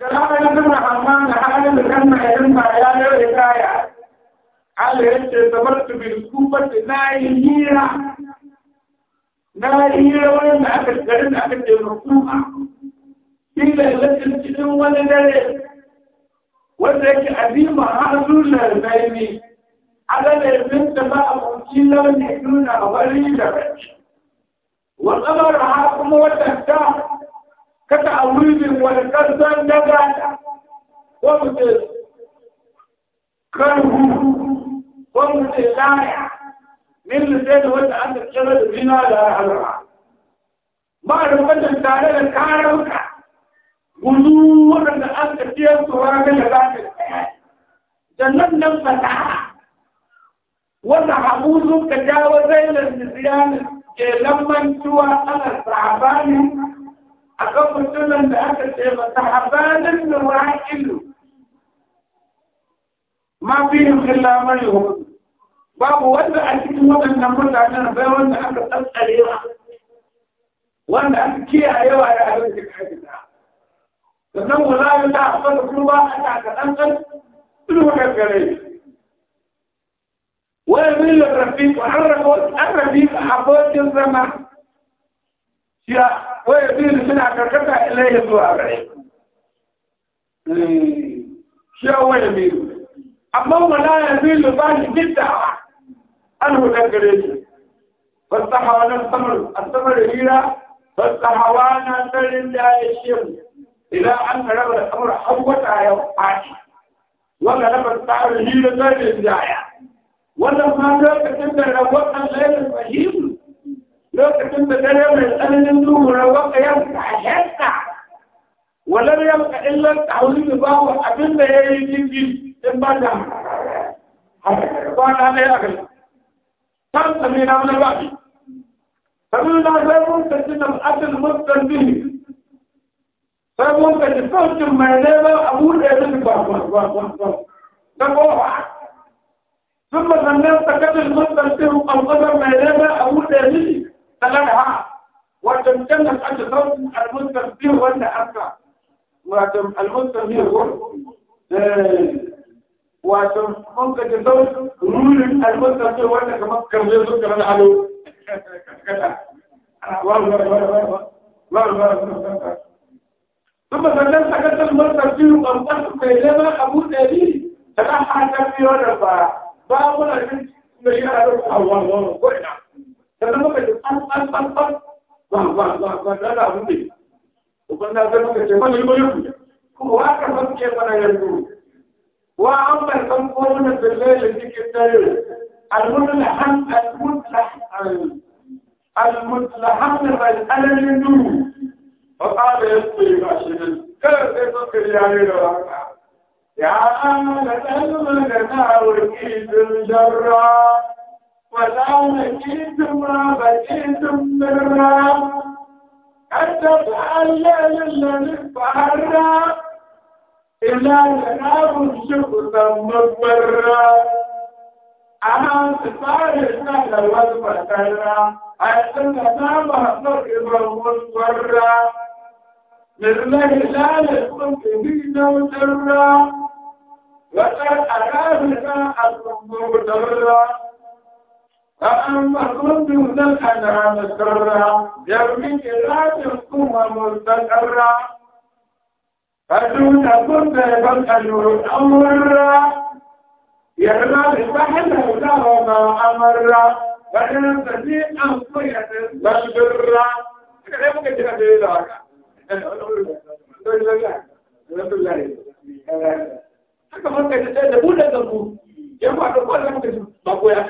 Kalabarin suna amma na halin da kan na irin ba ya yau da kaya. Allah ya ce zabar su bin kubar da na yi hira. Na yi hira wani da aka garin da aka ce rukuma. Ila lantin cikin wani dare wanda yake azima har zuwa zaimi. Ala da yanzu da ba a kuki launin nuna wari da baki. Wa tsabar ha kuma wata ta كتعويض والكسر نجا ومثل كره ومثل لايع من لسان وجه أن الشغل بنا لا حرع ما ربنا تعالى الكارمك وزورا أن تسير سوراك لذلك جنة نفتحها وتحفوزك تجاوز إلى النسيان لمن سوى أنا الصعباني akan mutumin da aka ce ba sahabanin da wa ilu ma fi yin illa mai hudu babu wanda a cikin waɗannan mutanen bai wanda aka tsantsarewa wanda aka kiyayewa da abin da ka fita sannan wulayen da a fara kuma ana ka ɗanɗan sun gare wani milin rafi ko an rafi abokin zama shi يدين سنة كركتا إليه سوى غريب شيء هو يميل أما هو لا يميل بان جدا أنه ذكرت فاستحوانا الثمر الثمر هيرا فاستحوانا سلم لا يشم إلى أن رب الثمر حوت على عاشي ولا رب الثمر هيرا ذلك الزايا ولا ما ذاك تبدأ ربك غير المهيم lokacin da dare mai tsananin duhu rawaka yanka a yanka walar yanka illar tauri ba wa abin da ya yi jirgi in ba da kwana ɗaya a gari kan sami na wani ba ne sami na sai mun kaci da abin mutan bihi sai mun kaci sautin mai neman abu da ya rufe ba ba ba ba da kowa ثم سمعت كتب المستنفر القدر ما يلبى أبو الأهل cancantar aka san almustar wanda aka wato almustar biyu wato mun ka ji sau rurin almustar biyu wanda kamar karfe su kamar alo ثم سلمت حاجات المصدر فيه وانقصت بينما ابو دليل تبع حاجات في ولا بقى بقى ولا شيء الله الله الله سلمت حاجات ba ba ba ba da da mu ne uban da zai muka ce mana yi ku kuma wa ka san ke mana yanzu wa an bar san ko mun da lalle cikin dare al-mulhan al-mulhan al-mulhan al-alamin فقال يسقي راشدا كيف تقريان لك يا أمل الأمل نار كيد الجرى ولا نجيتم ما بجيتم من رام أن تفعل الذي فعلنا إلى جناب شكرا مبرا أنا سفاري سهل والفترة أحسن نام صرفا مصفرا مثله لا يكون به وسرا وقد أرادنا الأمور ضرا فأما كنتم للأنعام السرة جرمي إرادكم مستقرة فدون كنت يبقى الأمر يرضى بسحل الله ما أمر وإن تجيء أنصية البر كيف ممكن تجيء ذلك؟ Haka maka da ta da buɗe da mu, yamma da kwallon da ba ko ya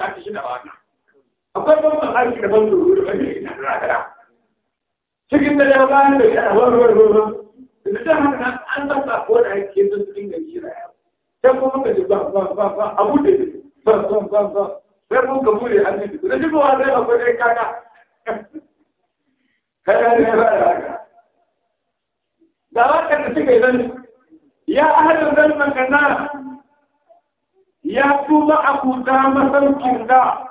da ban da ban da ina da kada cikin da da bayan da ya wani wani wani da ta haka an san ba ko da ake zan cikin da jira ya ta kuma ka ji ba ba ba ba abu da ba ba ba ba sai mun ka bude an ji da ji ba sai akwai dai kaka kada ne ba da haka da ba da cikin zan ya ahalin zan nan kana ya kuma akuta masaukin da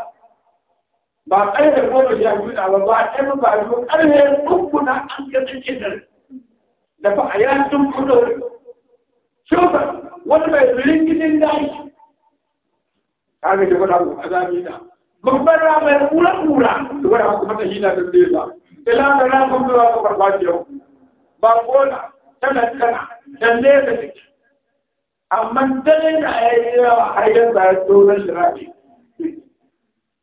ba ƙarfe goma sha biyu na ba ba ɗaya ba biyu ƙarfe uku na an ga tsakiyar nan da ba a yana sun kudo shofa wani mai zurin gidan daji ta ga shi wani abu azami na babbar mai kura-kura da wani abu mata shi na da zai ba ila da ramin zuwa ga barbajiyar ba kola tana tana dan nesa take amma dare da a yi yawa har yanzu a yi tsoron shirafi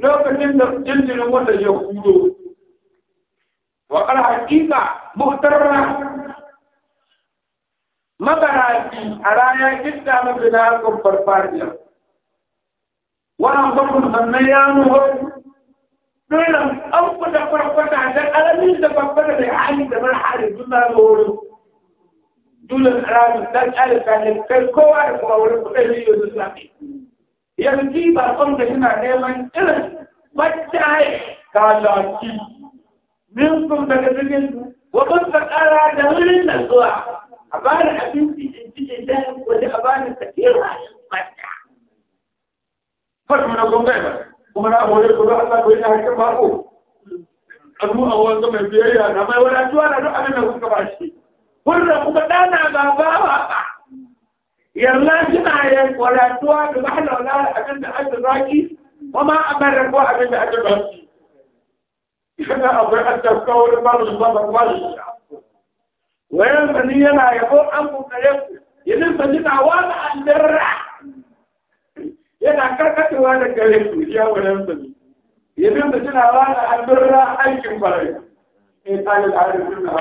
lokacin da jinjirin wanda ya kuro wa kar hakika muhtarra mabaraji a ranar idda na bina kubbar fariya wannan gwamnan sannan ya nuhu dole an kuda farfata da alamin da farfata da hali da mara hali suna lori dole ranar dan alifalin kai kowa da kuma wurin kudin liyo da sami yanzu bakon da yana neman irin mattaye kalaki min sun daga cikin wakon sakara da wurin da zuwa a bani abinci in cikin dayan waje a bani sakira mata fasu na gongai ba kuma na abuwa da kuma Allah ko yana hakan bako azu a wanda mai biyayya na mai wadatuwa na duk abin da kuka ba shi wannan kuma ɗana gaba yalla kina yin kwaratuwa da mahalala kan da aka zaki kuma a mara ko abin da aka zaki kana akwai attafka wani babu su babu kwallo Waya sani yana yabo an kare ku idan sanin na wani aldarra yana karkatuwa da kare ku ya wayan sanin idan sani na wani aldarra aikin kwarai in talil arifin na